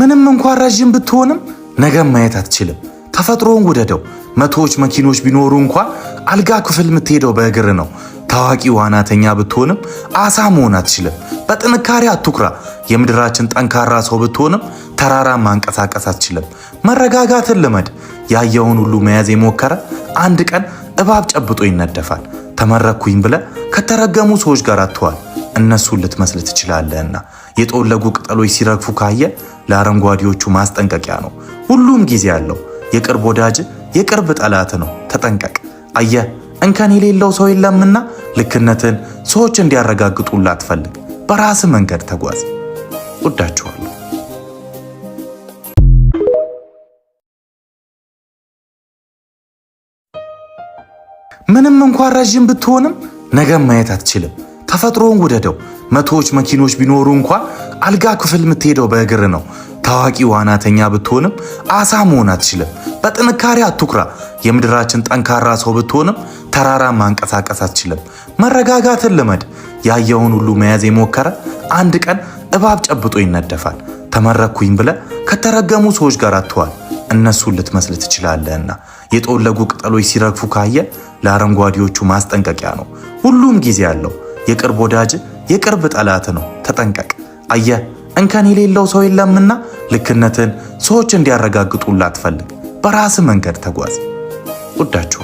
ምንም እንኳን ረዥም ብትሆንም ነገም ማየት አትችልም። ተፈጥሮውን ውደደው። መቶዎች መኪኖች ቢኖሩ እንኳን አልጋ ክፍል የምትሄደው በእግር ነው። ታዋቂ ዋናተኛ ብትሆንም አሳ መሆን አትችልም። በጥንካሬ አትኩራ። የምድራችን ጠንካራ ሰው ብትሆንም ተራራ ማንቀሳቀስ አትችልም። መረጋጋትን ልመድ። ያየውን ሁሉ መያዝ የሞከረ አንድ ቀን እባብ ጨብጦ ይነደፋል። ተመረኩኝ ብለ ከተረገሙ ሰዎች ጋር አትዋል። እነሱን ልትመስል ትችላለህና የጠወለጉ ቅጠሎች ሲረግፉ ካየ ለአረንጓዴዎቹ ማስጠንቀቂያ ነው። ሁሉም ጊዜ አለው። የቅርብ ወዳጅ የቅርብ ጠላት ነው። ተጠንቀቅ። አየህ እንከን የሌለው ሰው የለምና ልክነትን ሰዎች እንዲያረጋግጡላ አትፈልግ። በራስ መንገድ ተጓዝ። ወዳችኋለሁ። ምንም እንኳን ረዥም ብትሆንም ነገም ማየት አትችልም። ተፈጥሮውን ውደደው። መቶዎች መኪኖች ቢኖሩ እንኳ አልጋ ክፍል የምትሄደው በእግር ነው። ታዋቂ ዋናተኛ ብትሆንም አሳ መሆን አትችልም። በጥንካሬ አትኩራ። የምድራችን ጠንካራ ሰው ብትሆንም ተራራ ማንቀሳቀስ አትችልም። መረጋጋትን ልመድ። ያየውን ሁሉ መያዝ የሞከረ አንድ ቀን እባብ ጨብጦ ይነደፋል። ተመረኩኝ ብለ ከተረገሙ ሰዎች ጋር አትዋል። እነሱን ልትመስል ትችላለህና የጠወለጉ ቅጠሎች ሲረግፉ ካየ ለአረንጓዴዎቹ ማስጠንቀቂያ ነው። ሁሉም ጊዜ አለው። የቅርብ ወዳጅ የቅርብ ጠላት ነው፣ ተጠንቀቅ። አየ እንከን የሌለው ሰው የለምና ልክነትን ሰዎች እንዲያረጋግጡላት ፈልግ። በራስ መንገድ ተጓዝ። ወዳችሁ